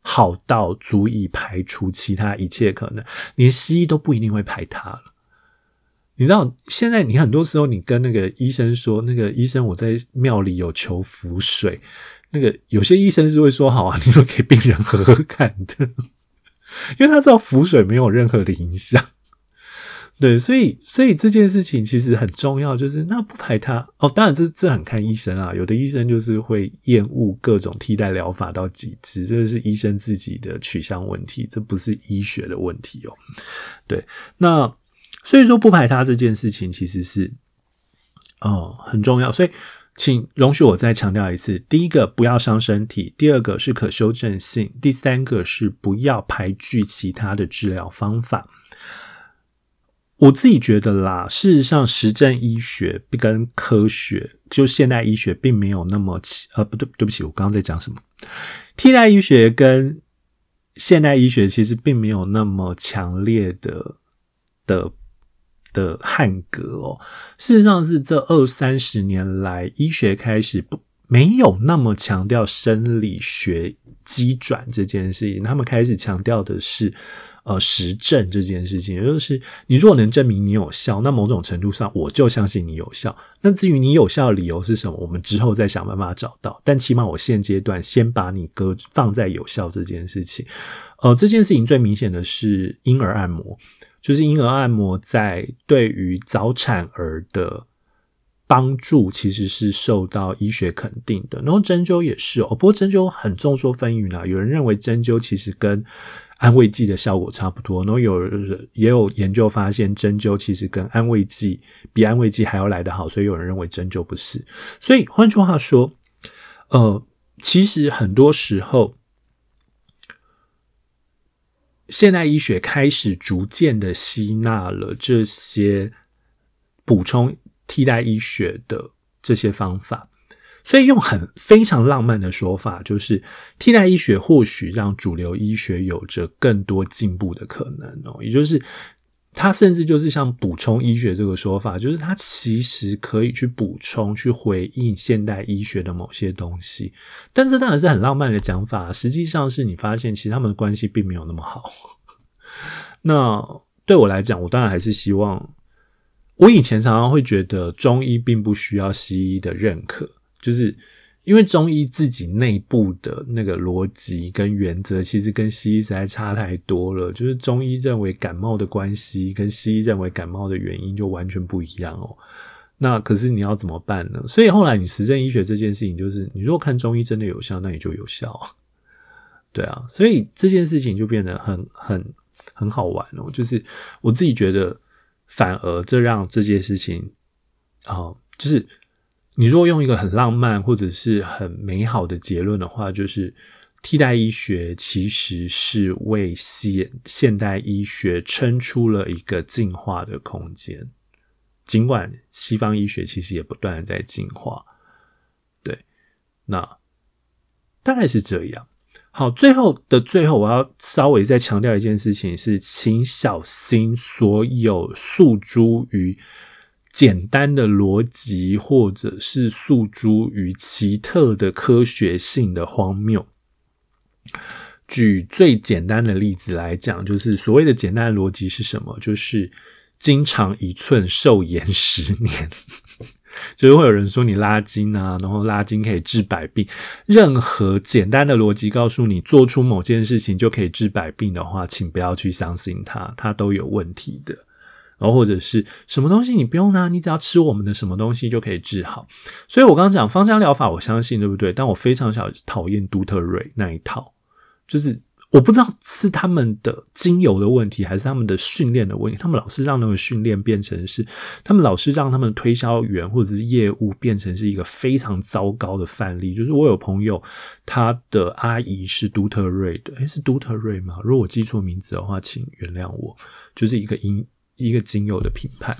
A: 好到足以排除其他一切可能，連西醫都不一定會排他了。你知道，現在你很多時候你跟那個醫生說，那個醫生我在廟裡有求符水，那個有些醫生是會說好啊，你說給病人喝喝看的。因為他知道浮水沒有任何的影響，對，所以所以這件事情其實很重要，就是那不排他哦。當然這，這這很看醫生啊，有的醫生就是會厭惡各種替代療法到極致，這是醫生自己的取向問題，這不是醫學的問題哦、喔。對，那所以說不排他這件事情其實是，哦，很重要，所以。請容許我再強調一次：第一個，不要傷身體；第二個是可修正性；第三個是不要排拒其他的治療方法。我自己覺得啦，事實上，實證醫學跟科學，就現代醫學並沒有那麼，呃，不對，對不起，我剛剛在講什麼？替代醫學跟現代醫學其實並沒有那麼強烈的的。的漢格哦，事實上是這二三十年來，醫學開始不沒有那麼強調生理學機轉這件事情，他們開始強調的是，呃，實證這件事情，也就是你如果能證明你有效，那某種程度上我就相信你有效。那至於你有效的理由是什麼，我們之後再想辦法找到。但起碼我現階段先把你擱放在有效這件事情，呃，這件事情最明顯的是嬰兒按摩。就是嬰兒按摩在對於早產兒的幫助，其實是受到醫學肯定的。然後針灸也是哦，不過針灸很眾說紛紜啦。有人認為針灸其實跟安慰劑的效果差不多，然後有人也有研究發現針灸其實跟安慰劑比安慰劑還要來得好，所以有人認為針灸不是。所以換句話說，呃，其實很多時候。現代醫學開始逐漸的吸納了這些補充替代醫學的這些方法，所以用很非常浪漫的說法，就是替代醫學或許讓主流醫學有着更多進步的可能哦，也就是。他甚至就是像補充醫學這個說法，就是他其實可以去補充、去回應現代醫學的某些東西，但是當然是很浪漫的講法。實際上是你發現，其實他們的關係並沒有那麼好。那對我來講，我當然還是希望，我以前常常會覺得中醫並不需要西醫的認可，就是。因為中醫自己內部的那個邏輯跟原則，其實跟西醫實在差太多了。就是中醫認為感冒的關係，跟西醫認為感冒的原因就完全不一樣哦。那可是你要怎麼辦呢？所以後來你實證醫學這件事情，就是你如果看中醫真的有效，那你就有效。對啊，所以這件事情就變得很很很好玩哦。就是我自己覺得，反而這讓這件事情啊、哦，就是。你如果用一個很浪漫或者是很美好的結論的話，就是替代醫學其實是為現現代醫學撐出了一個進化的空間，儘管西方醫學其實也不斷的在進化。對，那大概是這樣。好，最後的最後，我要稍微再強調一件事情，是請小心所有訴諸於。簡單的邏輯，或者是訴諸於奇特的科學性的荒謬。舉最簡單的例子來講，就是所謂的簡單的邏輯是什麼？就是“筋長一寸，壽延十年”， *laughs* 就是會有人說，你拉筋啊，然後拉筋可以治百病。任何簡單的邏輯告訴你做出某件事情就可以治百病的話，請不要去相信它，它都有問題的。然後或者是什麼東西你不用拿，你只要吃我們的什麼東西就可以治好。所以我剛剛講芳香療法，我相信對不對？但我非常小討厭杜特瑞那一套，就是我不知道是他們的精油的問題，還是他們的訓練的問題。他們老是讓那個訓練變成是，他們老是讓他們推銷員或者是業務變成是一個非常糟糕的範例。就是我有朋友，他的阿姨是杜特瑞的，誒、欸，是杜特瑞嗎？如果我記錯名字的話，請原諒我。就是一個音。一個精油的品牌，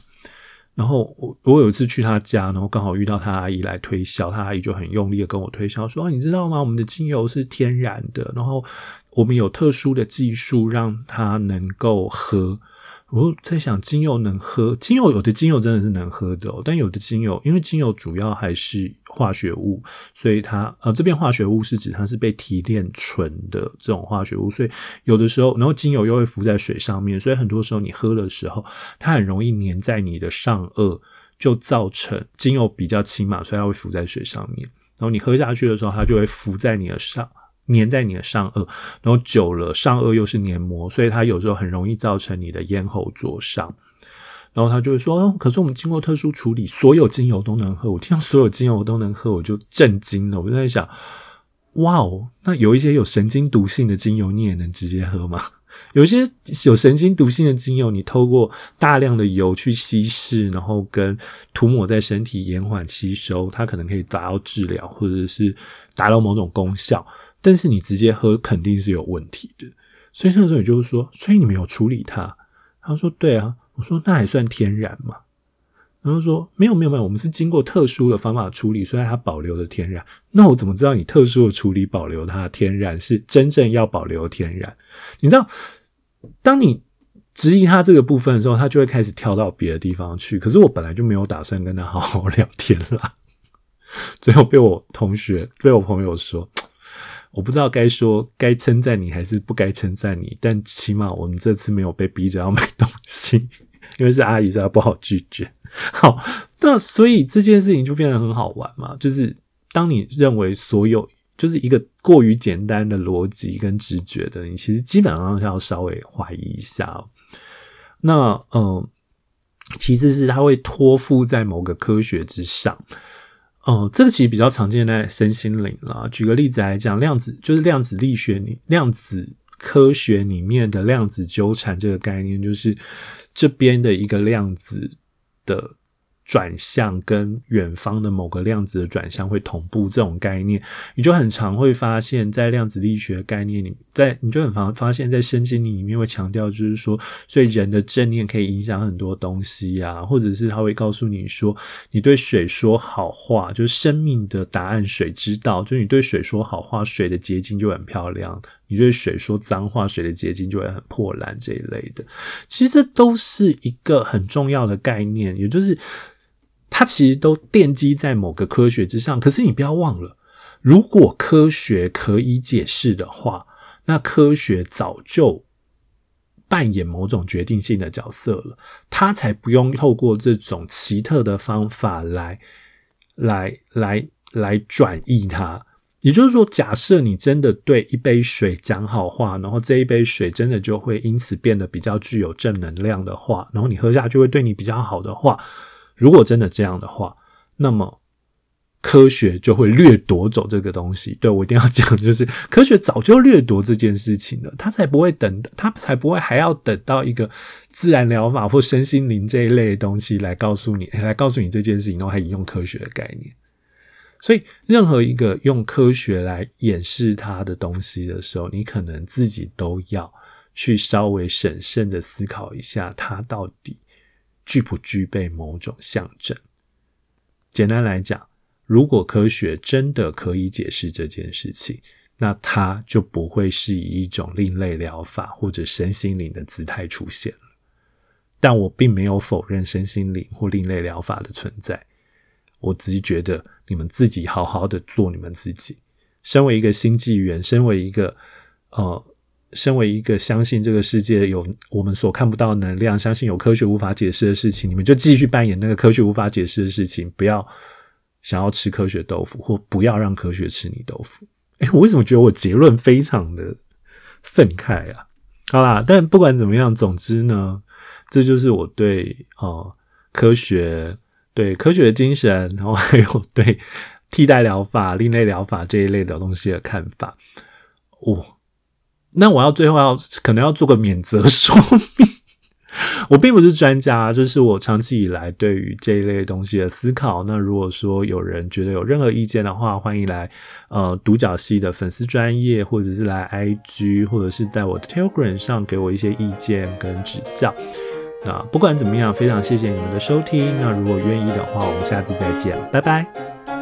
A: 然後我我有一次去他家，然後剛好遇到他阿姨來推銷，他阿姨就很用力的跟我推銷說啊，你知道嗎？我們的精油是天然的，然後我們有特殊的技術讓它能夠喝。我、哦、在想，精油能喝？精油有的精油真的是能喝的、哦，但有的精油，因為精油主要還是化學物，所以它呃這邊化學物是指它是被提煉純的這種化學物，所以有的時候，然後精油又會浮在水上面，所以很多時候你喝的時候，它很容易粘在你的上顎，就造成精油比較輕嘛，所以它會浮在水上面，然後你喝下去的時候，它就會浮在你的上。黏在你的上顎，然後久了上顎又是黏膜，所以它有時候很容易造成你的咽喉灼傷。然後他就會說：“哦，可是我們經過特殊處理，所有精油都能喝。”我聽到所有精油都能喝，我就震驚了。我就在想：“哇哦，那有一些有神經毒性的精油你也能直接喝嗎？有一些有神經毒性的精油，你透過大量的油去稀釋，然後跟塗抹在身體延緩吸收，它可能可以達到治療或者是達到某種功效。”但是你直接喝肯定是有問題的，所以那個時候也就是說，所以你沒有處理它。他說：“對啊。”我說：“那還算天然嘛。”然後說：“沒有，沒有，沒有，我們是經過特殊的方法處理，所以它保留了天然。”那我怎麼知道你特殊的處理保留它的天然是真正要保留天然？你知道，當你質疑他這個部分的時候，他就會開始跳到別的地方去。可是我本來就沒有打算跟他好好聊天啦，最後被我同學被我朋友說。我不知道該說，該稱讚你還是不該稱讚你，但起碼我們這次沒有被逼着要買東西，因為是阿姨，所以不好拒絕。好，那所以這件事情就變得很好玩嘛，就是當你認為所有就是一個過於簡單的邏輯跟直覺的，你其實基本上是要稍微懷疑一下。那嗯，其次是它會托付在某個科學之上。哦、嗯，這個其實比較常見在身心靈啦。舉個例子來講，量子就是量子力學、量子科學裡面的量子糾纏這個概念，就是這邊的一個量子的。轉向跟遠方的某個量子的轉向會同步，這種概念，你就很常會發現，在量子力學的概念裡，你在你就很常發，發現在身心靈裡面會強調，就是說，所以人的正念可以影響很多東西呀、啊，或者是他會告訴你說，你對水說好話，就是生命的答案，水知道，就是你對水說好話，水的結晶就很漂亮；你對水說髒話，水的結晶就會很破爛這一類的。其實這都是一個很重要的概念，也就是。它其實都奠基在某個科學之上，可是你不要忘了，如果科學可以解釋的話，那科學早就扮演某種決定性的角色了，它才不用透過這種奇特的方法來來來來轉移它。也就是說，假設你真的對一杯水講好話，然後這一杯水真的就會因此變得比較具有正能量的話，然後你喝下去會對你比較好的話。如果真的這樣的話，那麼科學就會掠奪走這個東西。對，我一定要講的就是，科學早就掠奪這件事情了，他才不會等，他才不會還要等到一個自然療法或身心靈這一類的東西來告訴你，來告訴你這件事情，都還引用科學的概念。所以，任何一個用科學來掩飾它的東西的時候，你可能自己都要去稍微審慎的思考一下，它到底。具不具備某種象徵？簡單來講，如果科學真的可以解釋這件事情，那它就不會是以一種另類療法或者身心靈的姿態出現了。但我並沒有否認身心靈或另類療法的存在，我只是覺得你們自己好好的做你們自己。身為一個新紀元，身為一個，呃身為一個相信這個世界有我們所看不到的能量、相信有科學無法解釋的事情，你們就繼續扮演那個科學無法解釋的事情，不要想要吃科學豆腐，或不要讓科學吃你豆腐。哎、欸，我為什麼覺得我結論非常的憤慨啊？好啦，但不管怎麼樣，總之呢，這就是我對哦、呃、科學對科學的精神，然後還有對替代療法、另類療法這一類的東西的看法。我、哦。那我要最後要可能要做個免責說明， *laughs* 我並不是專家，這、就是我長期以來對於這一類東西的思考。那如果說有人覺得有任何意見的話，歡迎來呃讀角戲的粉絲專頁，或者是來 IG，或者是在我的 Telegram 上給我一些意見跟指教。那不管怎麼樣，非常謝謝你們的收聽。那如果願意的話，我們下次再見，拜拜。